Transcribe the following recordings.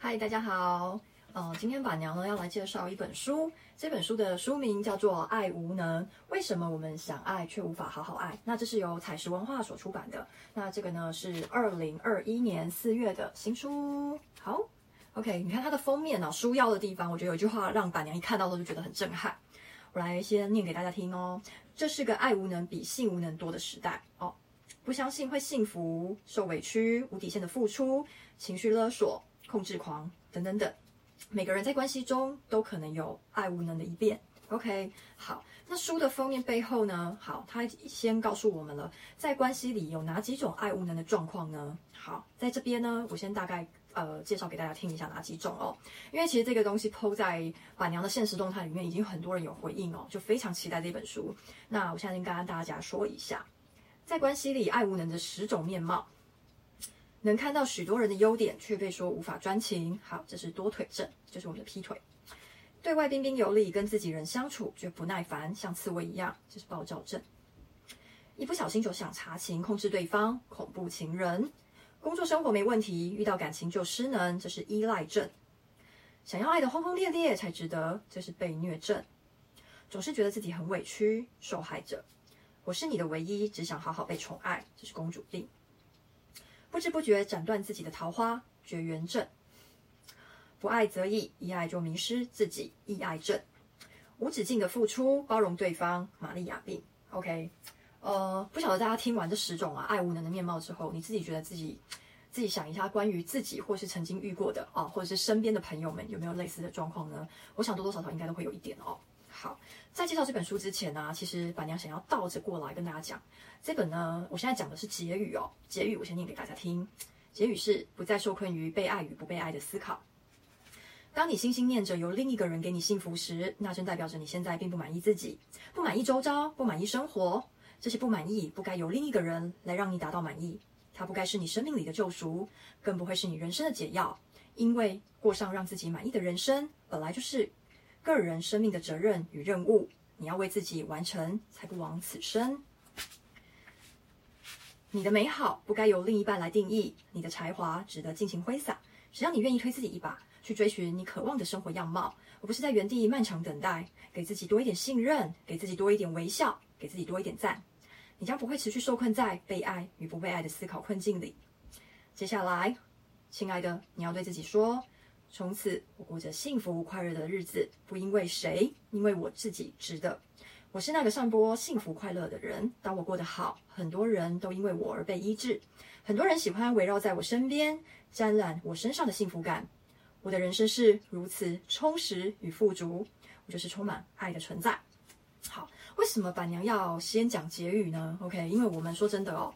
嗨，大家好。呃、嗯，今天板娘呢要來介紹一本書，這本書的書名叫做《愛無能》，為什麼我們想愛卻無法好好愛？那這是由采實文化所出版的。那這個呢是二零二一年四月的新書。好，OK，你看它的封面哦、啊，書腰的地方，我覺得有一句話讓板娘一看到都就覺得很震撼。我來先念給大家聽哦。這是個愛無能比性無能多的時代哦。不相信會幸福，受委屈，無底線的付出，情緒勒索。控制狂，等等等，每個人在關係中都可能有愛無能的一面。OK，好，那書的封面背後呢？好，它先告訴我們了，在關係裡有哪幾種愛無能的狀況呢？好，在這邊呢，我先大概呃介紹給大家聽一下哪幾種哦。因為其實這個東西 po 在板娘的現實動態裡面，已經很多人有回應哦，就非常期待這本書。那我現在先跟大家說一下，在關係裡愛無能的十種面貌。能看到許多人的優點，卻被說無法專情。好，這是多腿症，這、就是我們的劈腿。對外彬彬有禮，跟自己人相處卻不耐煩，像刺蝟一樣，這是暴躁症。一不小心就想查情，控制對方，恐怖情人。工作生活沒問題，遇到感情就失能，這是依賴症。想要愛得轟轟烈烈才值得，這是被虐症。總是覺得自己很委屈，受害者。我是你的唯一，只想好好被寵愛，這是公主病。不知不覺斬斷自己的桃花，絕緣症；不愛則已，一愛就迷失自己，易愛症；無止境的付出，包容對方，瑪利亞病。OK，呃，不曉得大家聽完這十種啊愛無能的面貌之後，你自己覺得自己自己想一下，關於自己或是曾經遇過的啊，或者是身邊的朋友們有沒有類似的狀況呢？我想多多少少應該都會有一點哦。好，在介紹這本書之前呢，啊，其實板娘想要倒着過來跟大家講這本呢。我現在講的是結語哦，結語我先念給大家聽。結語是：不再受困於被愛與不被愛的思考。當你心心念着由另一個人給你幸福時，那正代表着你現在並不滿意自己，不滿意周遭，不滿意生活。這些不滿意不該由另一個人來讓你達到滿意，它不該是你生命裡的救贖，更不會是你人生的解藥。因為過上讓自己滿意的人生，本來就是。個人生命的責任與任務，你要為自己完成，才不枉此生。你的美好不該由另一半來定義，你的才華值得盡情揮灑。只要你願意推自己一把，去追尋你渴望的生活樣貌，而不是在原地漫長等待。給自己多一點信任，給自己多一點微笑，給自己多一點讚，你將不會持續受困在被愛與不被愛的思考困境裡。接下來，親愛的，你要對自己說。從此，我過着幸福快樂的日子，不因為誰，因為我自己值得。我是那個散播幸福快樂的人。當我過得好，很多人都因為我而被醫治。很多人喜歡圍繞在我身邊，沾染我身上的幸福感。我的人生是如此充實與富足，我就是充滿愛的存在。好，為什麼板娘要先講結語呢？OK，因為我們說真的哦。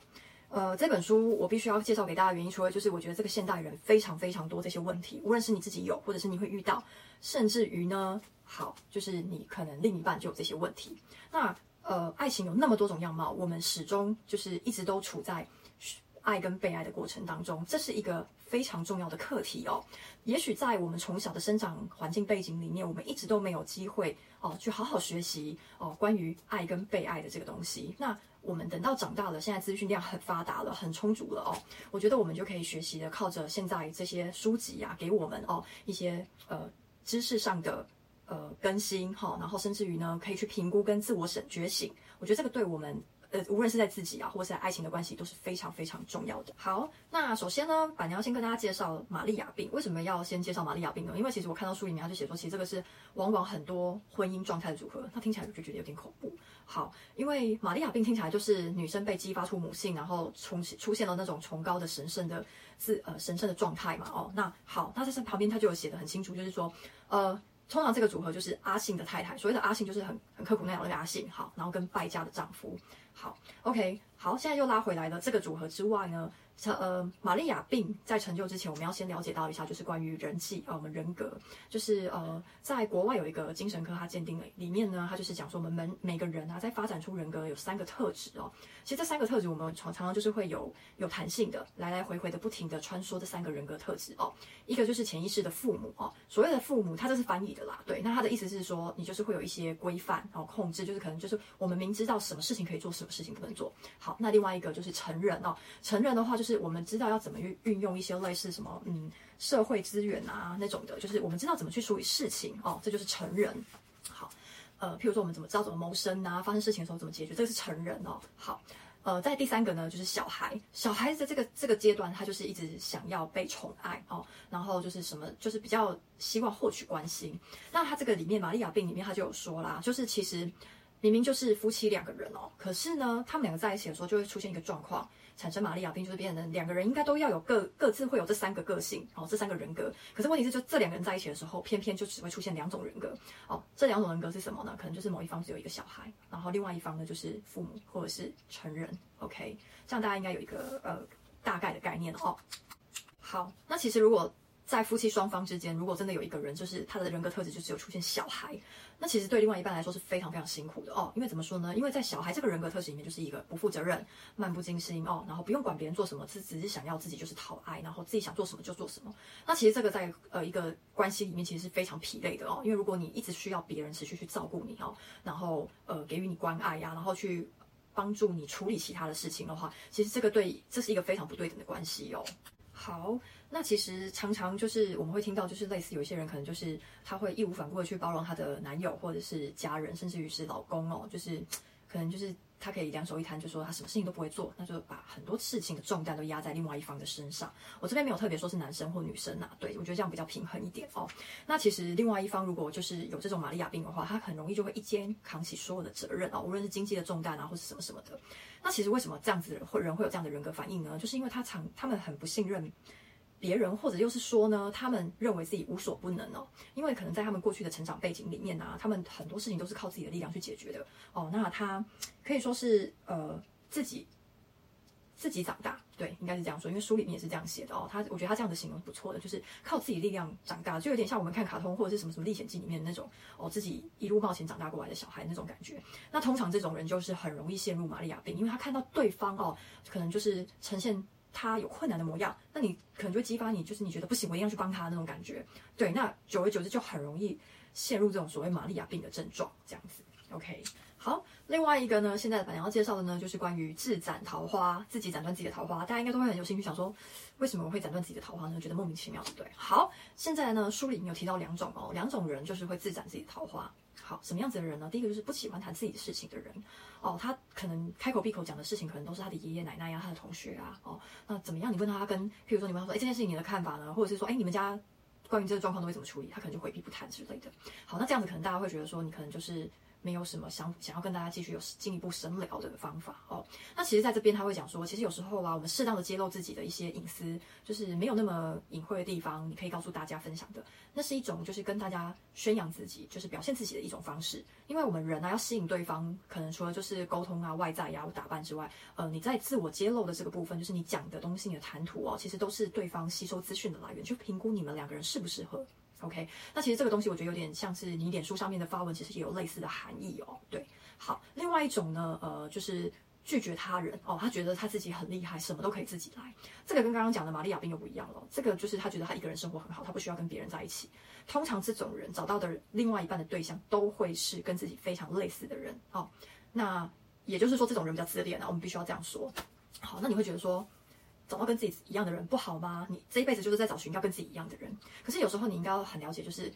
呃，這本書我必須要介紹給大家的原因，除了就是我覺得這個現代人非常非常多這些問題，無論是你自己有，或者是你會遇到，甚至於呢，好，就是你可能另一半就有這些問題。那呃，愛情有那麼多種樣貌，我們始終就是一直都處在愛跟被愛的過程當中，這是一個。非常重要的課題哦，也許在我們從小的生長環境背景裡面，我們一直都沒有機會哦去好好學習哦關於愛跟被愛的這個東西。那我們等到長大了，現在資訊量很發達了，很充足了哦，我覺得我們就可以學習的，靠着現在這些書籍呀，給我們哦一些呃知識上的呃更新哈，然後甚至於呢，可以去評估跟自我省覺醒。我覺得這個對我們。呃，無論是在自己啊，或是在愛情的關係，都是非常非常重要的。好，那首先呢，板娘要先跟大家介紹瑪麗亞病。為什麼要先介紹瑪麗亞病呢？因為其實我看到書裡面，他就寫說，其實這個是往往很多婚姻狀態的組合。那聽起來我就覺得有點恐怖。好，因為瑪麗亞病聽起來就是女生被激發出母性，然後出現了那種崇高的、神聖的、呃、神聖的自呃神聖的狀態嘛。哦，那好，那在旁邊他就有寫得很清楚，就是說，呃。通常這個組合就是阿信的太太，所謂的阿信就是很很刻苦耐勞的阿信，好，然後跟敗家的丈夫，好，OK，好，現在又拉回來了，這個組合之外呢？呃、嗯，瑪麗亞病在成就之前，我們要先了解到一下，就是關於人際啊，我、嗯、們人格，就是呃、嗯，在國外有一個精神科，他鑑定的裡面呢，他就是講說，我們每每個人啊，在發展出人格有三個特質哦。其實這三個特質，我們常常常就是會有有彈性的，來來回回的不停的穿梭這三個人格特質哦。一個就是潛意識的父母哦，所謂的父母，他這是翻譯的啦，對，那他的意思是說，你就是會有一些規範，然後控制，就是可能就是我們明知道什麼事情可以做，什麼事情不能做。好，那另外一個就是成人哦，成人的話就是。就是、我們知道要怎麼運運用一些類似什麼嗯社會資源啊那種的，就是我們知道怎麼去處理事情哦，這就是成人。好，呃，譬如說我們怎麼知道怎麼謀生啊，發生事情的時候怎麼解決，這個是成人哦。好，呃，在第三個呢，就是小孩。小孩子這個這個階段，他就是一直想要被寵愛哦，然後就是什麼，就是比較希望獲取關心。那他這個裡面，瑪利亞病裡面他就有說啦，就是其實明明就是夫妻兩個人哦，可是呢，他們兩個在一起的時候就會出現一個狀況。產生瑪利亞病就是變成兩個人應該都要有各各自會有這三個個性，哦，這三個人格。可是問題是，就這兩個人在一起的時候，偏偏就只會出現兩種人格。哦，這兩種人格是什麼呢？可能就是某一方只有一個小孩，然後另外一方呢就是父母或者是成人。OK，這樣大家應該有一個呃大概的概念哦。好，那其實如果在夫妻雙方之間，如果真的有一個人，就是他的人格特質就只有出現小孩，那其實對另外一半來說是非常非常辛苦的哦。因為怎麼說呢？因為在小孩這個人格特質裡面，就是一個不負責任、漫不經心哦，然後不用管別人做什麼，只只是想要自己就是討愛，然後自己想做什麼就做什麼。那其實這個在呃一個關係裡面，其實是非常疲累的哦。因為如果你一直需要別人持續去照顧你哦，然後呃給予你關愛呀、啊，然後去幫助你處理其他的事情的話，其實這個對這是一個非常不對等的關係喲、哦。好，那其實常常就是我們會聽到，就是類似有一些人可能就是他會義無反顧的去包容他的男友，或者是家人，甚至於是老公哦，就是。可能就是他可以兩手一攤，就說他什麼事情都不會做，那就把很多事情的重擔都壓在另外一方的身上。我這邊沒有特別說是男生或女生吶、啊，對我覺得這樣比較平衡一點哦。那其實另外一方如果就是有這種瑪利亞病的話，他很容易就會一肩扛起所有的責任啊、哦，無論是經濟的重擔啊，或是什麼什麼的。那其實為什麼這樣子的人會，人會有這樣的人格反應呢？就是因為他常他們很不信任，別人，或者就是說呢，他們認為自己無所不能哦，因為可能在他們過去的成長背景裡面呢、啊，他們很多事情都是靠自己的力量去解決的哦。那他可以說是呃自己自己長大，對，應該是這樣說，因為書裡面也是這樣寫的哦。他我覺得他這樣的形容不錯的，就是靠自己力量長大，就有點像我們看卡通或者是什麼什麼歷險記裡面的那種哦，自己一路冒險長大過來的小孩那種感覺。那通常這種人就是很容易陷入瑪利亞病，因為他看到對方哦，可能就是呈現。他有困難的模樣，那你可能就會激發你，就是你覺得不行，我一定要去幫他那種感覺。對，那久而久之就很容易陷入這種所謂“瑪利亞病”的症狀，這樣子。OK，好。另外一個呢，現在本來要介紹的呢，就是關於自斬桃花，自己斬斷自己的桃花。大家應該都會很有興趣想說，為什麼我會斬斷自己的桃花呢？覺得莫名其妙，對不對？好，現在呢，書裡面有提到兩種哦，兩種人就是會自斬自己的桃花。好，什麼樣子的人呢？第一個就是不喜歡談自己的事情的人，哦，他可能開口閉口講的事情，可能都是他的爺爺奶奶呀、啊、他的同學啊，哦，那怎麼樣？你問他，跟，譬如說，你問他說，哎、欸，這件事情你的看法呢？或者是說，哎、欸，你們家關於這個狀況都會怎麼處理？他可能就迴避不談之類的。好，那這樣子可能大家會覺得說，你可能就是。沒有什麼想想要跟大家繼續有進一步深聊的方法哦。那其實在這邊他會講說，其實有時候啊，我們適當的揭露自己的一些隱私，就是沒有那麼隱晦的地方，你可以告訴大家分享的，那是一種就是跟大家宣揚自己，就是表現自己的一種方式。因為我們人啊要吸引對方，可能除了就是溝通啊、外在呀、啊、打扮之外，呃，你在自我揭露的這個部分，就是你講的東西、你的談吐哦，其實都是對方吸收資訊的來源，就評估你們兩個人適不適合。OK，那其實這個東西我覺得有點像是你臉書上面的發文，其實也有類似的含義哦。對，好，另外一種呢，呃，就是拒絕他人哦，他覺得他自己很厲害，什麼都可以自己來。這個跟剛剛講的瑪麗亞病又不一樣了。這個就是他覺得他一個人生活很好，他不需要跟別人在一起。通常這種人找到的另外一半的對象都會是跟自己非常類似的人哦。那也就是說，這種人比較自戀啊，我們必須要這樣說。好，那你會覺得說？找到跟自己一樣的人不好嗎？你這一輩子就是在找尋要跟自己一樣的人。可是有時候你應該要很了解，就是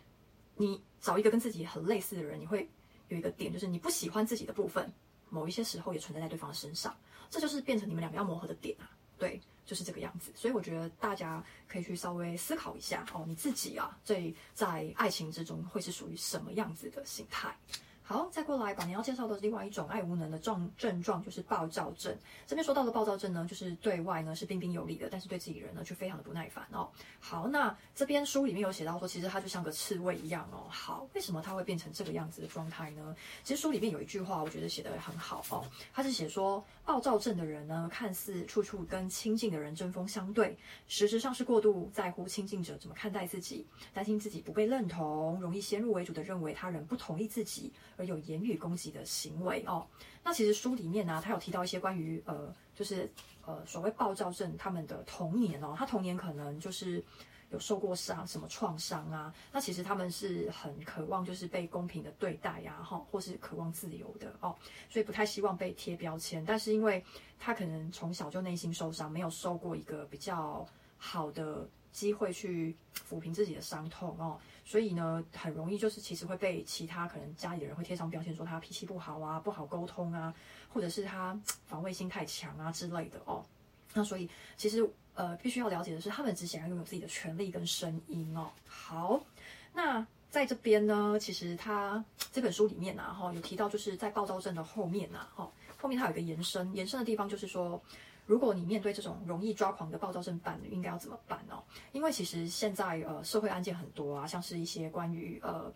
你找一個跟自己很類似的人，你會有一個點，就是你不喜歡自己的部分，某一些時候也存在在對方的身上，這就是變成你們兩個要磨合的點啊。對，就是這個樣子。所以我覺得大家可以去稍微思考一下哦，你自己啊，最在愛情之中會是屬於什麼樣子的心態。好，再過來把你要介紹的是另外一種愛無能的狀症狀，就是暴躁症。這邊說到的暴躁症呢，就是對外呢是彬彬有禮的，但是對自己人呢卻非常的不耐煩哦。好，那這邊書裡面有寫到說，其實他就像個刺蝟一樣哦。好，為什麼他會變成這個樣子的狀態呢？其實書裡面有一句話，我覺得寫得很好哦。他是寫說，暴躁症的人呢，看似處處跟親近的人針鋒相對，實質上是過度在乎親近者怎麼看待自己，擔心自己不被認同，容易先入為主的認為他人不同意自己而有言語攻擊的行為哦，那其實書裡面呢、啊，他有提到一些關於呃，就是呃所謂暴躁症他們的童年哦，他童年可能就是有受過傷，什麼創傷啊，那其實他們是很渴望就是被公平的對待呀、啊，哈、哦，或是渴望自由的哦，所以不太希望被貼標籤，但是因為他可能從小就內心受傷，沒有受過一個比較。好的機會去撫平自己的傷痛哦，所以呢，很容易就是其實會被其他可能家裡的人會貼上標籤，說他脾氣不好啊，不好溝通啊，或者是他防衛心太強啊之類的哦。那所以其實呃，必須要了解的是，他們只想要擁有自己的權利跟聲音哦。好，那在這邊呢，其實他這本書裡面啊，哈，有提到就是在暴躁症的後面啊，哈，後面它有一個延伸，延伸的地方就是說。如果你面對這種容易抓狂的暴躁症伴侶應該要怎麼辦呢、哦？因為其實現在呃社會案件很多啊，像是一些關於呃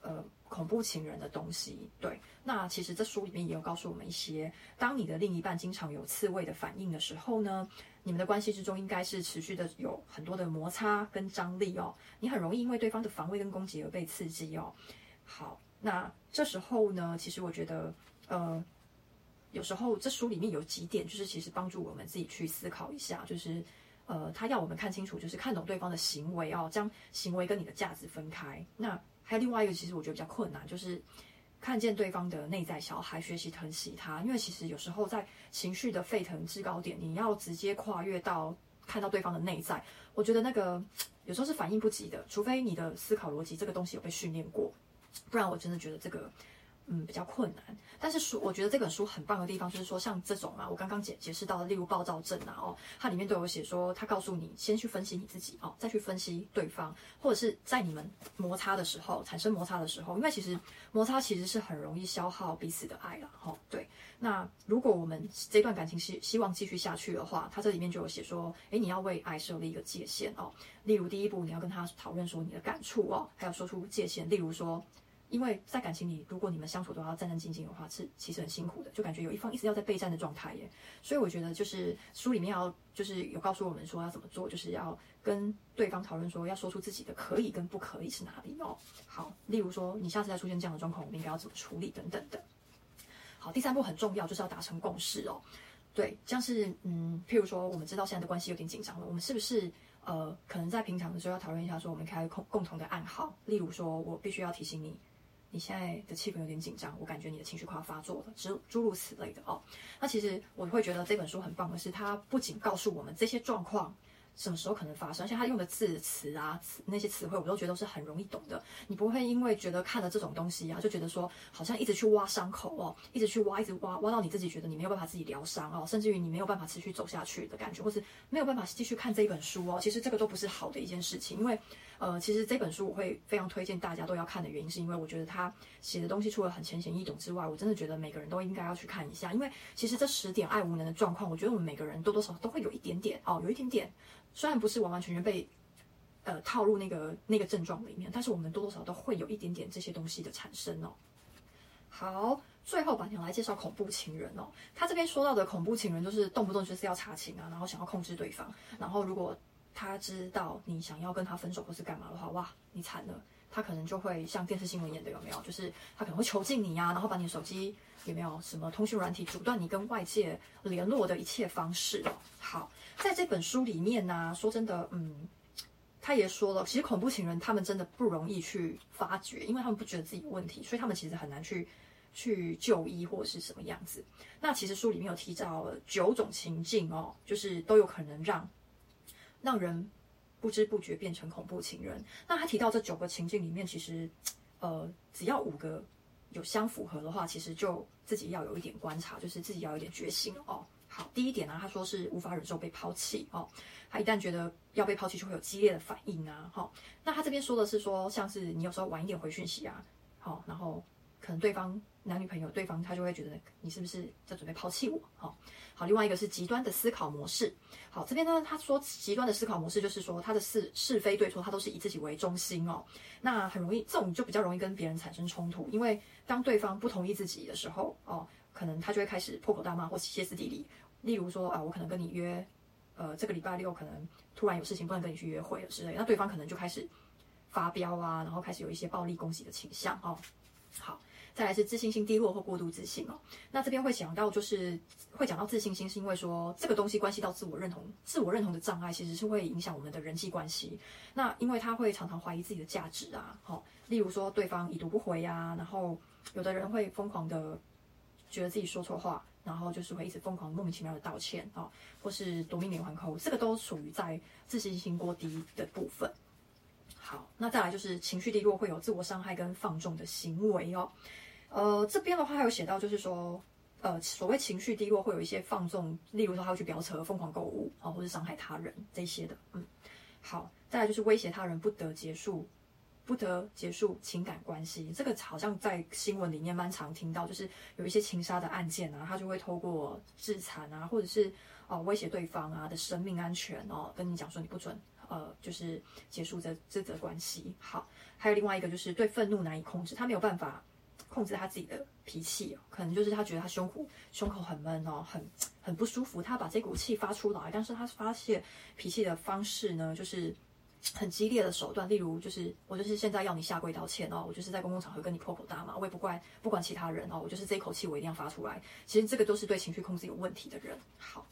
呃恐怖情人的東西。對，那其實這書裡面也有告訴我們一些，當你的另一半經常有刺蝟的反應的時候呢，你們的關係之中應該是持續的有很多的摩擦跟張力哦。你很容易因為對方的防衛跟攻擊而被刺激哦。好，那這時候呢，其實我覺得呃。有時候這書裡面有幾點，就是其實幫助我們自己去思考一下，就是，呃，他要我們看清楚，就是看懂對方的行為哦，將行為跟你的價值分開。那還有另外一個，其實我覺得比較困難，就是看見對方的內在小孩，學習疼惜他。因為其實有時候在情緒的沸騰至高點，你要直接跨越到看到對方的內在，我覺得那個有時候是反應不及的，除非你的思考邏輯這個東西有被訓練過，不然我真的覺得這個。嗯，比較困難。但是書，我覺得這本書很棒的地方，就是說像這種啊，我剛剛解解釋到的，例如暴躁症啊，哦，它裡面都有寫說，它告訴你先去分析你自己哦，再去分析對方，或者是在你們摩擦的時候，產生摩擦的時候，因為其實摩擦其實是很容易消耗彼此的愛了，哦。對，那如果我們這段感情希希望繼續下去的話，它這裡面就有寫說，哎、欸，你要為愛設立一個界限哦。例如第一步，你要跟他討論說你的感觸哦，還有說出界限。例如說。因為在感情裡，如果你們相處都要戰戰兢兢的話，是其實很辛苦的，就感覺有一方一直要在備戰的狀態耶。所以我覺得就是書裡面要就是有告訴我們說要怎麼做，就是要跟對方討論說要說出自己的可以跟不可以是哪裡哦。好，例如說你下次再出現這樣的狀況，我們應該要怎麼處理等等的。好，第三步很重要，就是要達成共識哦。對，像是嗯，譬如說我們知道現在的關係有點緊張了，我們是不是呃可能在平常的時候要討論一下，說我們開共共同的暗號，例如說我必須要提醒你。你現在的氣氛有點緊張，我感覺你的情緒快要發作了，諸諸如此類的哦。那其實我會覺得這本書很棒的是，它不僅告訴我們這些狀況什麼時候可能發生，而且它用的字詞啊，詞那些詞彙，我都覺得都是很容易懂的。你不會因為覺得看了這種東西啊，就覺得說好像一直去挖傷口哦，一直去挖，一直挖，挖到你自己覺得你沒有辦法自己療傷哦，甚至於你沒有辦法持續走下去的感覺，或是沒有辦法繼續看這一本書哦。其實這個都不是好的一件事情，因為。呃，其實這本書我會非常推薦大家都要看的原因，是因為我覺得他寫的東西除了很淺顯易懂之外，我真的覺得每個人都應該要去看一下。因為其實這十點愛無能的狀況，我覺得我們每個人多多少少都會有一點點哦，有一點點，雖然不是完完全全被呃套入那個那個症狀裡面，但是我們多多少少都會有一點點這些東西的產生哦。好，最後把你來介紹恐怖情人哦。他這邊說到的恐怖情人，就是動不動就是要查情啊，然後想要控制對方，然後如果，他知道你想要跟他分手或是幹嘛的話，哇，你慘了！他可能就會像電視新聞演的，有沒有？就是他可能會囚禁你呀、啊，然後把你的手機有沒有什麼通訊軟體阻斷你跟外界聯絡的一切方式哦。好，在這本書裡面呢、啊，說真的，嗯，他也說了，其實恐怖情人他們真的不容易去發覺，因為他們不覺得自己有問題，所以他們其實很難去去就醫或者是什麼樣子。那其實書裡面有提到九種情境哦、喔，就是都有可能讓。讓人不知不覺變成恐怖情人。那他提到這九個情境裡面，其實，呃，只要五個有相符合的話，其實就自己要有一點觀察，就是自己要有一點決心。哦。好，第一點呢、啊，他說是無法忍受被拋棄哦。他一旦覺得要被拋棄，就會有激烈的反應啊。好、哦，那他這邊說的是說，像是你有時候晚一點回訊息啊，好、哦，然後可能對方。男女朋友，對方他就會覺得你是不是在準備拋棄我？哈、哦，好，另外一個是極端的思考模式。好，這邊呢，他說極端的思考模式就是說，他的是是非對錯，他都是以自己為中心哦。那很容易，這種就比較容易跟別人產生衝突，因為當對方不同意自己的時候，哦，可能他就會開始破口大罵或歇斯底里。例如說啊，我可能跟你約，呃，這個禮拜六可能突然有事情不能跟你去約會了之類，那對方可能就開始發飆啊，然後開始有一些暴力攻擊的傾向。哦。好。再來是自信心低落或過度自信哦。那這邊會講到，就是會講到自信心，是因為說，這個東西關係到自我認同，自我認同的障礙其實是會影響我們的人際關係。那因為他會常常懷疑自己的價值啊、哦，例如說對方已讀不回啊，然後有的人會瘋狂的覺得自己說錯話，然後就是會一直瘋狂莫名其妙的道歉啊、哦，或是奪命連環扣，這個都屬於在自信心過低的部分。好，那再來就是情緒低落會有自我傷害跟放縱的行為哦，呃這邊的話還有寫到就是說，呃所謂情緒低落會有一些放縱，例如說他會去飆車、瘋狂購物啊、哦，或是傷害他人這些的。嗯，好，再來就是威脅他人不得結束，不得結束情感關係。這個好像在新聞裡面蠻常聽到，就是有一些情殺的案件啊，他就會透過自殘啊，或者是哦威脅對方啊的生命安全哦，跟你講說你不准。呃，就是結束這這則關係。好，還有另外一個就是對憤怒難以控制，他沒有辦法控制他自己的脾氣，可能就是他覺得他胸口胸口很悶哦，很很不舒服，他把這股氣發出來，但是他發洩脾氣的方式呢，就是很激烈的手段，例如就是我就是現在要你下跪道歉哦，我就是在公共場合跟你破口大罵，我也不怪不管其他人哦，我就是這一口氣我一定要發出來。其實這個都是對情緒控制有問題的人。好。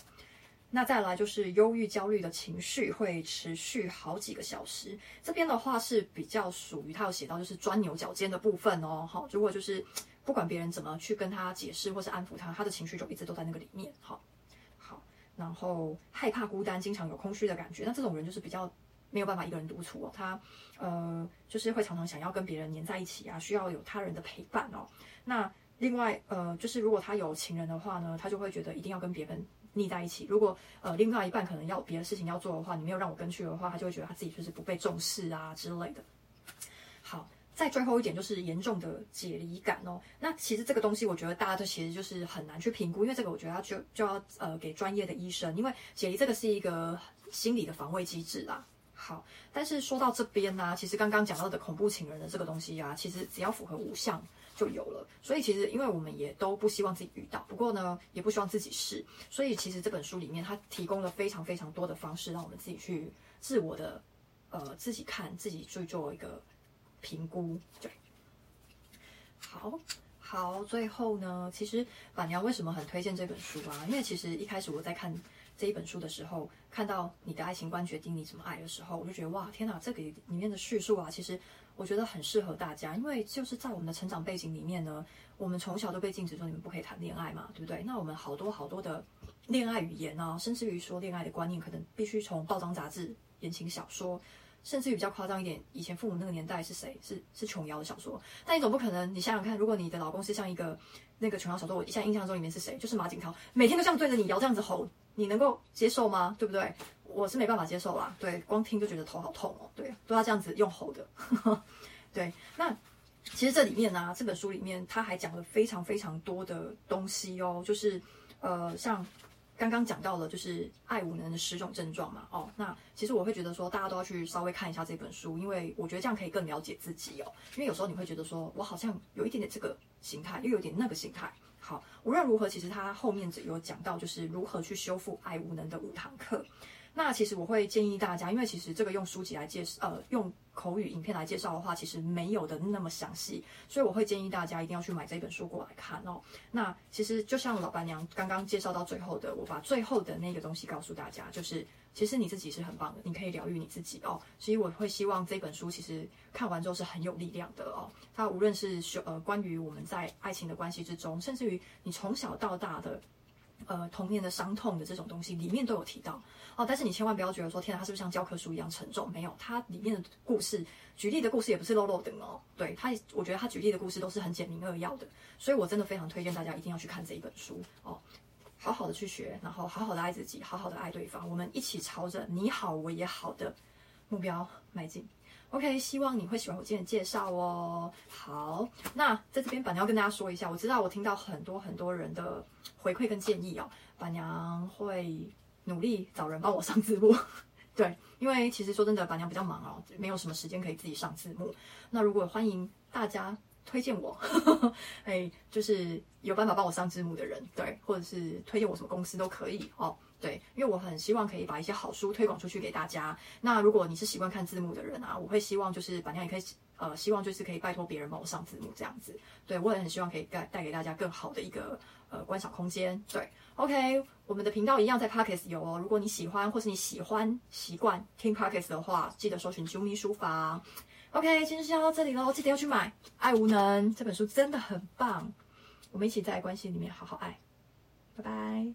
那再來就是憂鬱、焦慮的情緒會持續好幾個小時。這邊的話是比較屬於他要寫到就是鑽牛角尖的部分哦。好、哦，如果就是不管別人怎麼去跟他解釋或是安撫他，他的情緒就一直都在那個裡面。好、哦，好，然後害怕孤單，經常有空虛的感覺。那這種人就是比較沒有辦法一個人獨處哦。他呃就是會常常想要跟別人黏在一起啊，需要有他人的陪伴哦。那另外呃就是如果他有情人的話呢，他就會覺得一定要跟別人，膩在一起，如果呃另外一半可能要別的事情要做的話，你沒有讓我跟去的話，他就會覺得他自己就是不被重視啊之類的。好，再最後一點就是嚴重的解離感哦。那其實這個東西，我覺得大家都其實就是很難去評估，因為這個我覺得他就就要呃給專業的醫生，因為解離這個是一個心理的防衛機制啦。好，但是說到這邊呢，啊，其實剛剛講到的恐怖情人的這個東西啊，其實只要符合五項就有了。所以其實，因為我們也都不希望自己遇到，不過呢，也不希望自己試。所以其實這本書裡面，它提供了非常非常多的方式，讓我們自己去自我的，呃，自己看，自己去做一個評估。對，好好，最後呢，其實板娘為什麼很推薦這本書啊？因為其實一開始我在看。這一本書的時候，看到你的愛情觀決定你怎麼愛的時候，我就覺得哇，天哪！這個裡面的敘述啊，其實我覺得很適合大家，因為就是在我們的成長背景裡面呢，我們從小都被禁止說你們不可以談戀愛嘛，對不對？那我們好多好多的戀愛語言啊，甚至於說戀愛的觀念，可能必須從報章雜誌、言情小說，甚至於比較誇張一點，以前父母那個年代是誰？是是瓊瑤的小說。但你總不可能，你想想看，如果你的老公是像一個那個瓊瑤小說，我一下印象中裡面是誰？就是馬景濤，每天都像對着你搖這樣子吼。你能夠接受嗎？對不對？我是沒辦法接受啦。對，光聽就覺得頭好痛哦。對，都要這樣子用吼的。呵呵，對，那其實這裡面呢，這本書裡面它還講了非常非常多的東西哦。就是呃，像剛剛講到了，就是愛無能的十種症狀嘛。哦，那其實我會覺得說，大家都要去稍微看一下這本書，因為我覺得這樣可以更了解自己哦。因為有時候你會覺得說，我好像有一點點這個形態，又有點那個形態。好，無論如何，其實他後面有講到，就是如何去修復愛無能的五堂課。那其實我會建議大家，因為其實這個用書籍來介紹，呃，用口語影片來介紹的話，其實沒有的那麼詳細，所以我會建議大家一定要去買這本書過來看哦。那其實就像老闆娘剛剛介紹到最後的，我把最後的那個東西告訴大家，就是。其實你自己是很棒的，你可以療癒你自己哦。所以我會希望這本書其實看完之後是很有力量的哦。它無論是修呃，關於我們在愛情的關係之中，甚至於你從小到大的呃童年、的傷痛的這種東西，裡面都有提到哦。但是你千萬不要覺得說，天啊，它是不是像教科書一樣沉重？沒有，它裡面的故事舉例的故事也不是落落長的哦。對它，我覺得它舉例的故事都是很簡明扼要的。所以我真的非常推薦大家一定要去看這一本書哦。好好的去學，然後好好的愛自己，好好的愛對方，我們一起朝着你好我也好的目標邁進。OK，希望你會喜歡我今天的介紹哦。好，那在這邊板娘要跟大家說一下，我知道我聽到很多很多人的回饋跟建議哦，板娘會努力找人幫我上字幕。 對，因為其實說真的，板娘比較忙哦，沒有什麼時間可以自己上字幕。那如果歡迎大家。推薦我，哎、 欸，就是有辦法幫我上字幕的人，對，或者是推薦我什麼公司都可以哦，對，因為我很希望可以把一些好書推廣出去給大家。那如果你是習慣看字幕的人啊，我會希望就是反正也可以，呃，希望就是可以拜託別人幫我上字幕這樣子。對，我也很希望可以帶帶給大家更好的一個呃，觀賞空間。對，OK，我們的頻道一樣在 Podcast 有哦。如果你喜歡或是你喜歡習慣聽 Podcast 的話，記得搜尋啾咪書房。OK，今天就先要到這裡嘍。我記得要去買《愛無能》這本書，真的很棒。我們一起在關係裡面好好愛，拜拜。